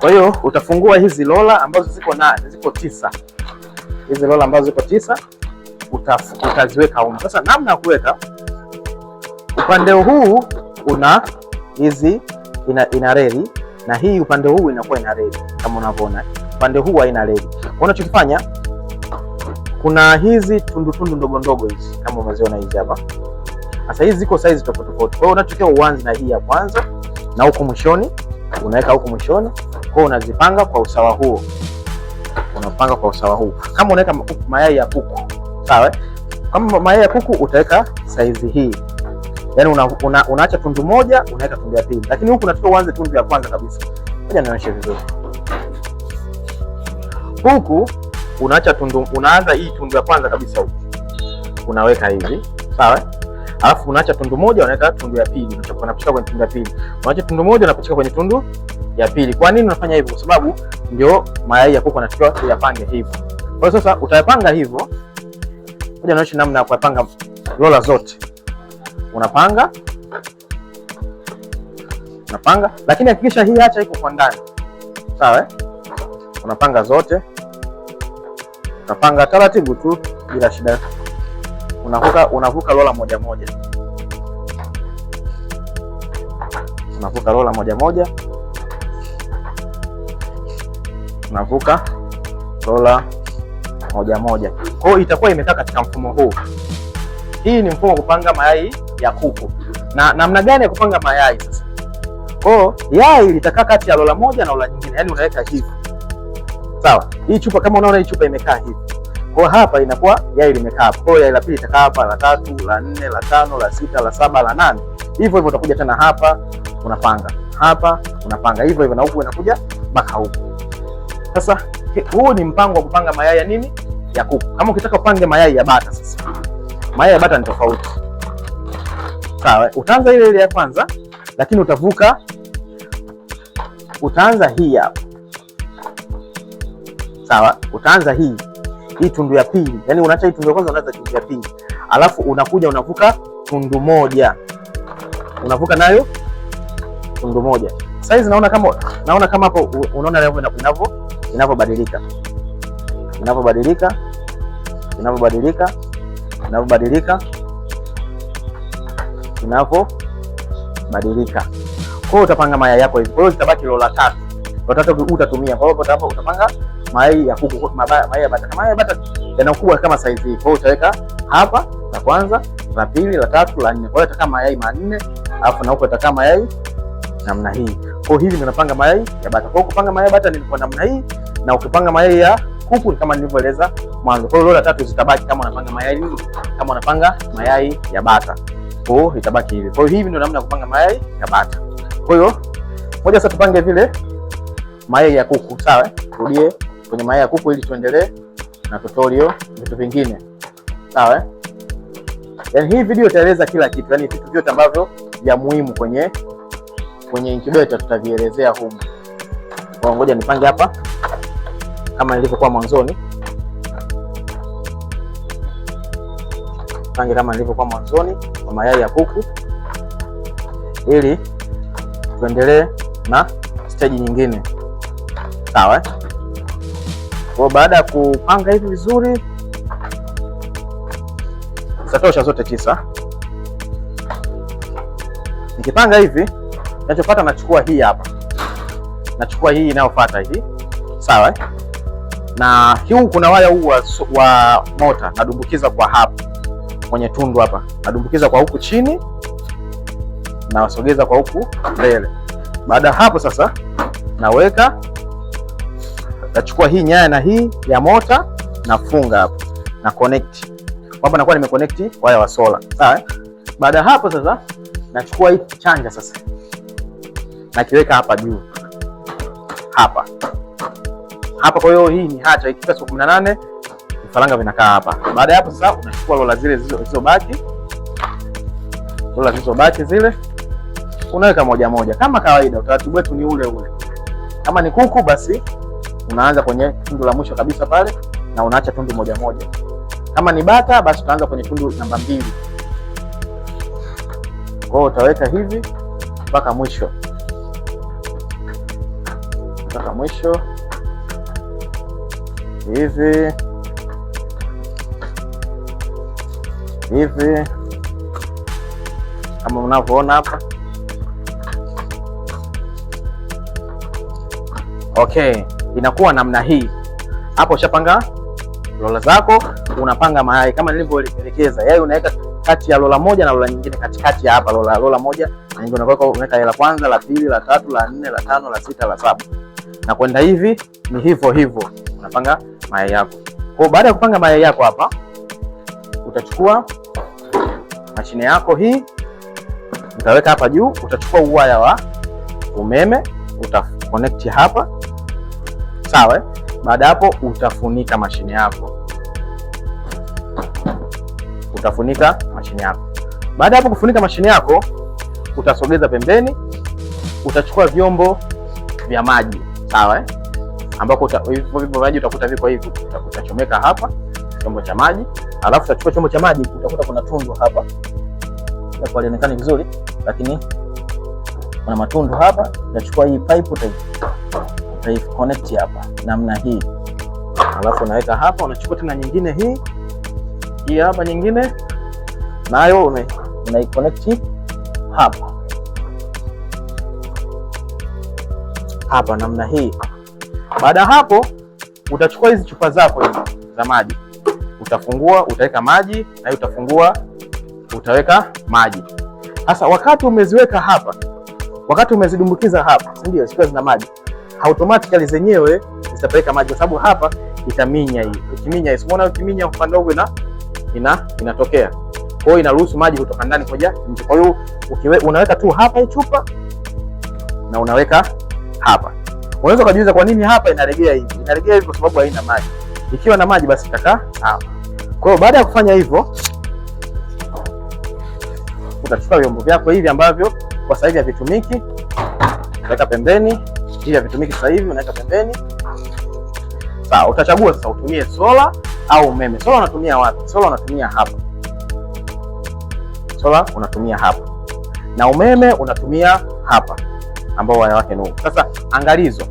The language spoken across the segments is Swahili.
Kwa hiyo utafungua hizi lola ambazo ziko na ziko tisa, hizi lola ambazo ziko tisa utaziweka huko. Sasa namna ya kuweka upande huu una hizi ina, ina reli na hii upande huu inakuwa ina reli kama unavyoona, upande huu haina reli. Unachokifanya kuna hizi tundutundu ndogo ndogo hizi kama unaziona hizi hapa. Sasa hizi ziko size tofauti tofauti, kwa hiyo unachotakiwa uanze na hii ya kwanza na huko mwishoni unaweka huko mwishoni kwao unazipanga kwa usawa huo, unapanga kwa usawa huo. Kama unaweka mayai ya kuku sawa, kama mayai ya kuku utaweka saizi hii, yani una, una, unaacha tundu moja unaweka tundu ya pili, lakini huku unataka uanze tundu ya kwanza kabisa. Ngoja nionyeshe vizuri. Huku unaacha tundu, unaanza hii tundu ya kwanza kabisa, huku unaweka hivi sawa alafu unaacha tundu moja unaweka tundu ya pili, unapachika kwenye tundu ya pili, unaacha tundu moja unapachika kwenye tundu ya pili. Kwa nini unafanya hivyo? Kwa sababu ndio mayai ya kuku anatakiwa kuyapange hivyo. Kwa hiyo sasa utayapanga hivyo, moja naoshi namna ya kuyapanga lola zote, unapanga unapanga, lakini hakikisha hii acha iko kwa ndani, sawa? Eh? Unapanga zote, unapanga taratibu tu bila shida unavuka unavuka lola moja moja, unavuka lola moja moja, unavuka lola moja moja. Kwa hiyo itakuwa imekaa katika mfumo huu. Hii ni mfumo wa kupanga mayai ya kuku. Na namna gani ya kupanga mayai sasa? Kwa yai litakaa kati ya lola moja na lola nyingine, yani unaweka hivi, sawa. Hii chupa kama unaona, hii chupa imekaa hivi kwa hapa inakuwa yai limekaa Kwa hiyo yai la pili itakaa hapa, la tatu, la nne, la tano, la sita, la saba, la nane. Hivyo hivyo utakuja tena hapa unapanga. Hapa unapanga hivyo hivyo na huku inakuja mpaka huku. Sasa huu ni mpango wa kupanga mayai ya nini? Ya kuku. Kama ukitaka upange mayai ya bata sasa. Mayai ya bata ni tofauti. Sawa, utaanza ile ile ya kwanza lakini utavuka utaanza hii hapa. Sawa, utaanza hii hii tundu ya pili, yani unaacha hii tundu ya kwanza, unaanza tundu ya pili, alafu unakuja unavuka tundu moja, unavuka nayo tundu moja. Saizi naona kama naona kama hapo, unaona inavyo inavyobadilika inavyobadilika inavyobadilika inavyobadilika inavyobadilika. Kwa hiyo utapanga mayai yako hivi, kwa hiyo zitabaki lola tatu, lola tatu utatumia, kwa hiyo utapanga mayai ya kuku, mayai ya bata. Mayai ya bata yana yanakuwa kama saizi hii, kwa hiyo utaweka hapa la kwanza, la pili, la tatu, la nne. Kwa hiyo utakaa mayai manne, alafu na huko utakaa mayai namna hii. Kwa hiyo hivi ndio napanga mayai ya bata. Kwa hiyo kupanga mayai ya bata ni kwa namna hii, na ukipanga mayai ya kuku kama nilivyoeleza mwanzo. Kwa hiyo la tatu zitabaki kama unapanga mayai nini? Kama unapanga mayai ya bata. Kwa hiyo itabaki hivi. Kwa hiyo hivi ndio namna ya kupanga mayai ya bata. Kwa hiyo moja sasa tupange vile mayai ya kuku, sawa? Eh? Turudie kwenye mayai ya kuku ili tuendelee na tutorial vitu vingine. Sawa eh? Yaani hii video itaeleza kila kitu, yaani vitu vyote ambavyo vya muhimu kwenye kwenye incubator tutavielezea humu. Kwa ngoja nipange hapa kama nilivyokuwa mwanzoni. Pange kama nilivyokuwa mwanzoni kwa mayai ya kuku ili tuendelee na stage nyingine. Sawa eh? Kwa baada ya kupanga hivi vizuri, zitatosha zote tisa. Nikipanga hivi, nachofuata nachukua hii hapa, nachukua hii inayofuata hii, sawa. Eh? Na huu kuna waya huu wa, wa mota nadumbukiza kwa hapa kwenye tundu hapa, nadumbukiza kwa huku chini, nawasogeza kwa huku mbele. Baada hapo sasa naweka nachukua hii nyaya na hii ya mota nafunga hapo na connect kwamba nakuwa nimeconnect waya wa sola. Sawa. Ah, eh? Baada ya hapo sasa nachukua hii chanja sasa nakiweka hapa juu hapa hapa. Kwa hiyo hii ni hata ikifika siku 18 vifaranga vinakaa hapa. Baada ya hapo sasa unachukua lola zile zilizobaki, lola zilizobaki zile unaweka moja moja kama kawaida. Utaratibu wetu ni ule ule, kama ni kuku basi unaanza kwenye tundu la mwisho kabisa pale na unaacha tundu moja moja. Kama ni bata, basi utaanza kwenye tundu namba mbili. Kwa hiyo utaweka hivi mpaka mwisho mpaka mwisho hivi hivi kama unavyoona hapa. Okay inakuwa namna hii. Hapo ushapanga lola zako, unapanga mayai kama nilivyoelekeza. Yai unaweka kati ya lola moja na lola nyingine, katikati ya hapa lola, lola moja na nyingine, unaweka unaweka la kwanza, la pili, la tatu, la nne, la tano, la sita, la saba na kwenda hivi. Ni hivyo hivyo unapanga mayai yako. Kwa baada ya kupanga mayai yako hapa, utachukua mashine yako hii utaweka hapa juu, utachukua uwaya wa umeme utakonekti hapa sawa. Eh? Baada hapo utafunika mashine yako, utafunika mashine yako. Baada hapo kufunika mashine yako, utasogeza pembeni, utachukua vyombo vya maji sawa, eh? ambako hivyo vya maji utakuta viko hivi, utachomeka hapa chombo cha maji, alafu utachukua chombo cha maji, utakuta kuna tundu hapa, halionekani vizuri, lakini kuna matundu hapa, utachukua hii pipe connect hapa namna hii, alafu unaweka hapa, unachukua tena nyingine hii hii hapa nyingine nayo una connect hapa hapa namna hii. Baada hapo utachukua hizi chupa zako hizi za maji, utafungua utaweka maji na utafungua utaweka maji. Sasa wakati umeziweka hapa, wakati umezidumbukiza hapa, si ndio? Zikiwa zina maji, automatically zenyewe zitapeleka maji, kwa sababu hapa itaminya hii. Ukiminya hii, umeona, ukiminya kwa ndogo ina ina inatokea, kwa hiyo inaruhusu maji kutoka ndani kuja nje. Kwa hiyo unaweka tu hapa hii chupa na unaweka hapa. Unaweza kujiuliza kwa nini hapa inaregea hivi? Inaregea hivi kwa sababu haina maji. Ikiwa na maji basi itakaa hapa. Kwa hiyo baada ya kufanya hivyo utachukua vyombo vyako hivi ambavyo kwa sasa hivi havitumiki, weka pembeni. Hivi havitumiki sasa hivi, unaweka pembeni. Sawa, utachagua sasa utumie sola au umeme. Sola unatumia wapi? Sola unatumia hapa. Sola unatumia hapa na umeme unatumia hapa, ambao waya wake ni huu. Sasa angalizo,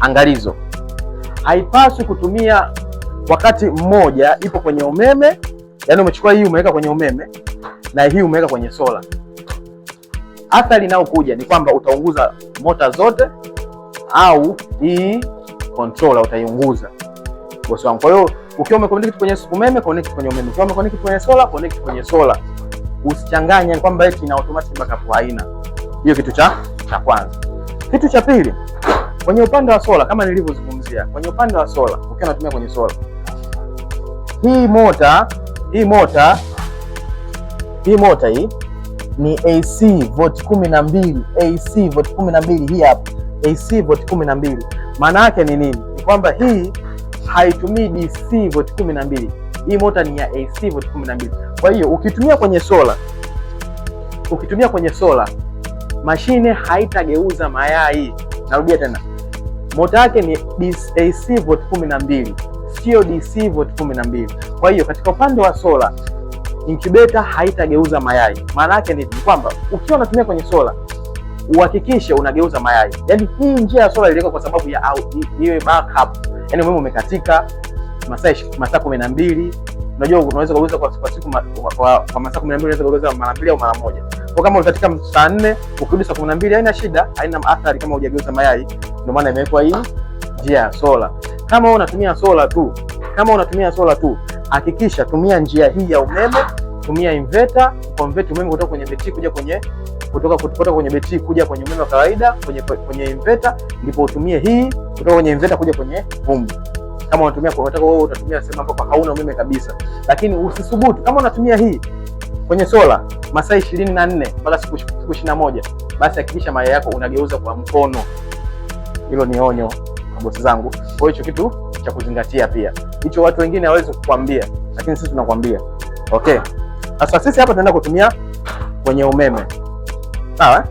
angalizo, haipaswi kutumia wakati mmoja. Ipo kwenye umeme, yani umechukua hii umeweka kwenye umeme na hii umeweka kwenye sola athari inayokuja ni kwamba utaunguza mota zote au hii controller utaiunguza, bosi wangu. Kwa hiyo ukiwa umeconnect kwenye umeme, connect kwenye umeme, ukiwa umeconnect kwenye solar, connect kwenye solar. Usichanganye kwamba eti ina automatic backup, haina hiyo. Kitu cha cha kwanza. Kitu cha pili, kwenye upande wa solar kama nilivyozungumzia, kwenye upande wa solar ukiwa unatumia kwenye solar. hii mota hii mota hii mota hii ni AC volt 12, AC volt 12 hii hapa, AC na 12. Maana yake ni nini? Ni kwamba hii haitumii DC volt 12. Hii mota ni ya AC volt 12. Kwa hiyo ukitumia kwenye sola, ukitumia kwenye sola mashine haitageuza mayai. Narudia tena, mota yake ni AC volt 12, sio DC volt 12. Kwa hiyo katika upande wa sola incubator haitageuza mayai. Maana yake ni kwamba ukiwa unatumia kwenye sola uhakikishe unageuza mayai. Yaani hii njia ya sola iliwekwa kwa sababu ya au iwe backup. Yaani umeme umekatika masaa masaa 12, unajua unaweza kugeuza kwa kwa siku kwa masaa 12 unaweza kugeuza mara mbili au mara moja. Kwa kama unakatika saa 4 ukirudi saa 12 haina shida, haina athari kama hujageuza mayai. Ndio maana imewekwa hii njia ya sola. Kama unatumia sola tu, kama unatumia sola tu hakikisha tumia njia hii ya umeme, tumia inverter convert umeme kutoka kwenye betri kuja kwenye kutoka kutoka kwenye betri kuja kwenye umeme wa kawaida kwenye kwenye inverter, ndipo utumie hii kutoka kwenye inverter kuja kwenye vumbi. Kama unatumia kwa unataka wewe utatumia sehemu ambapo hauna umeme kabisa, lakini usisubutu. Kama unatumia hii kwenye sola masaa 24 mpaka siku 21, basi hakikisha mayai yako unageuza kwa mkono. Hilo ni onyo kwa bosi zangu, kwa hiyo hicho kitu cha kuzingatia pia hicho watu wengine hawezi kukwambia, lakini sisi tunakwambia. Okay, sasa sisi hapa tunaenda kutumia kwenye umeme, sawa?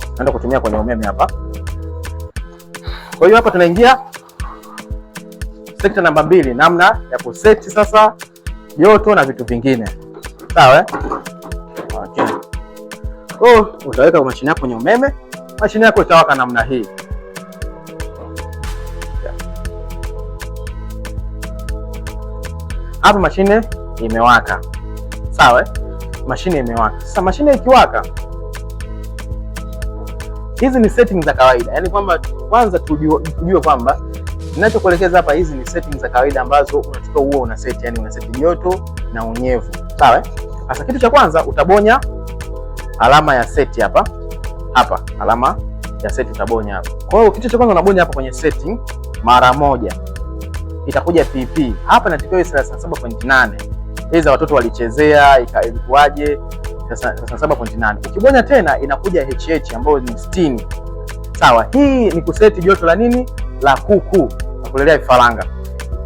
Tunaenda kutumia kwenye umeme hapa. Kwa hiyo hapa tunaingia sekta namba mbili, namna ya kuseti sasa joto na vitu vingine, sawa? Okay. Oh, utaweka mashine yako kwenye umeme, mashine yako itawaka namna hii. Hapa mashine imewaka, sawa. Eh? Mashine imewaka sasa. Mashine ikiwaka, hizi ni settings za kawaida, yaani kwamba kwanza tujue kwamba ninachokuelekeza hapa, hizi ni settings za kawaida ambazo unatakiwa huo una set, yani una set joto na unyevu, sawa. Eh? Sasa kitu cha kwanza utabonya alama ya set hapa hapa, alama ya set utabonya hapa. Kwa hiyo kitu cha kwanza unabonya hapa kwenye setting mara moja itakuja PP. Hapa inatakiwa iwe 37.8. Hizi watoto walichezea ilikuwaje? 37.8. Ukibonya tena inakuja HH ambayo ni 60. Sawa, hii ni kuseti joto la nini? La kuku, na kulelea vifaranga.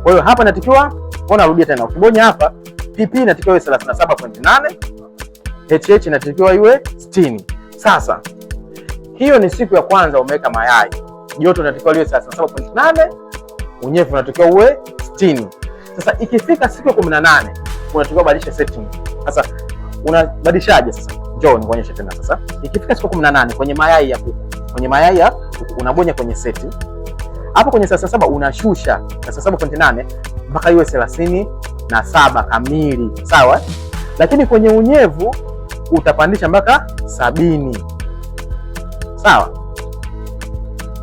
Kwa hiyo hapa ona, narudia tena, ukibonya hapa PP inatakiwa iwe 37.8, HH inatakiwa iwe 60. Sasa hiyo ni siku ya kwanza umeweka mayai, joto inatakiwa liwe 37.8 unyevu unatakiwa uwe 60. Sasa ikifika siku ya 18 unatakiwa badilisha setting. Sasa unabadilishaje sasa? Njoo nikuonyeshe tena sasa. Ikifika siku 18 kwenye mayai ya kuku, kwenye mayai ya kuku unabonya kwenye seti. Hapo kwenye sasa saba unashusha sasa saba pointi nane mpaka iwe thelathini na saba kamili, sawa? Lakini kwenye unyevu utapandisha mpaka sabini, sawa?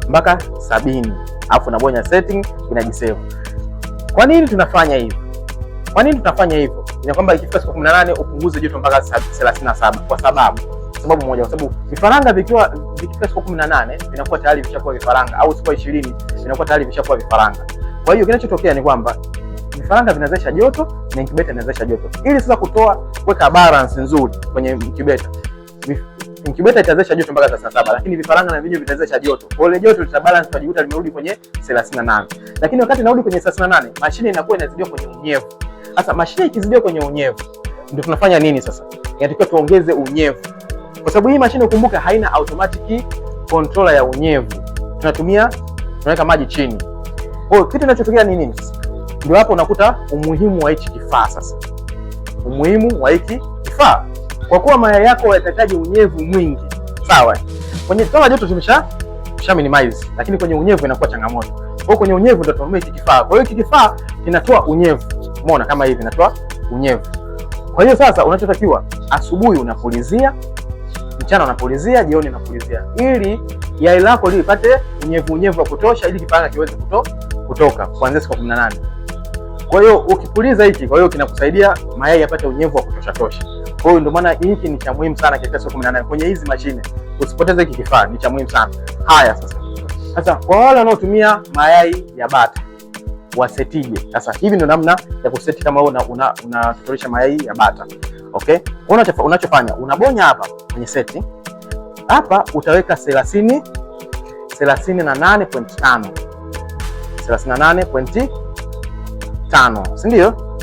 Mpaka sabini afu unabonya setting inajisave. Kwa nini tunafanya hivyo? Kwa nini tunafanya hivyo? Ni kwamba ikifika siku 18 upunguze joto mpaka 37 kwa sababu sababu moja, kwa sababu vifaranga vikiwa vikifika siku 18 vinakuwa tayari vishakuwa vifaranga au siku 20 vinakuwa tayari vishakuwa vifaranga. Kwa hiyo kinachotokea ni kwamba vifaranga vinawezesha joto na incubator inawezesha joto. Ili sasa kutoa kuweka balance nzuri kwenye incubator Incubator itawezesha joto mpaka saa saba, lakini vifaranga na vinyo vitawezesha joto. Kwa hiyo joto litabalance, tutajikuta limerudi kwenye 38. Lakini wakati narudi kwenye 38, mashine inakuwa inazidiwa kwenye unyevu. Sasa mashine ikizidiwa kwenye unyevu, ndio tunafanya nini sasa? Inatakiwa tuongeze unyevu. Kwa sababu hii mashine ukumbuka, haina automatic controller ya unyevu. Tunatumia tunaweka maji chini. Kwa hiyo kitu kinachotokea ni nini? Ndio hapo unakuta umuhimu wa hichi kifaa sasa. Umuhimu wa hiki kifaa kwa kuwa mayai yako yatahitaji unyevu mwingi, sawa. Kwenye kama joto tumesha tumesha minimize, lakini kwenye unyevu inakuwa changamoto. Kwa hiyo kwenye unyevu ndio tunatumia hiki kifaa. Kwa hiyo hiki kifaa kinatoa unyevu, umeona kama hivi inatoa unyevu. Kwa hiyo sasa unachotakiwa asubuhi unapulizia, mchana unapulizia, jioni unapulizia, ili yai lako lipate unyevu unyevu wa kutosha, ili kifaranga kiweze kuto, kutoka kuanzia siku 18. Kwa hiyo ukipuliza hiki, kwa hiyo kinakusaidia mayai yapate unyevu wa kutosha tosha. Kwa hiyo ndio maana hiki ni cha muhimu sana katika soko 18 kwenye hizi mashine. Usipoteze hiki kifaa, ni cha muhimu sana. Haya sasa. Sasa kwa wale wanaotumia mayai ya bata wasetije. Sasa hivi ndio namna ya kuseti kama una unatotorisha una mayai ya bata. Okay? Unachofanya unabonya hapa kwenye seti. Hapa utaweka 30 38.5. 38.5. Si ndio?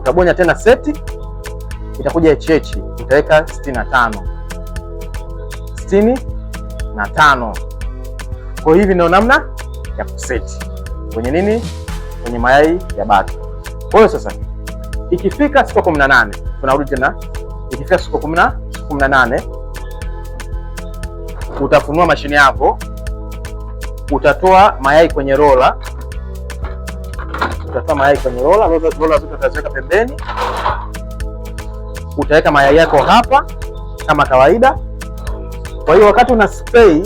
Utabonya tena seti itakuja chechi, utaweka 65 65. Kwa hivi ndio namna ya kuseti kwenye nini, kwenye mayai ya bata. Kwa hiyo sasa ikifika siku kumi na tunarudi tena, ikifika siku kumi na 18 utafunua mashine yako, utatoa mayai kwenye rola, utatoa mayai kwenye rola, rola zote utaziweka pembeni utaweka mayai yako hapa kama kawaida. Kwa hiyo wakati una spray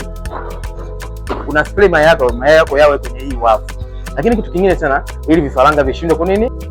una spray mayai yako mayai yako yawe kwenye hii wavu. Lakini kitu kingine tena, ili vifaranga vishindwe kwa nini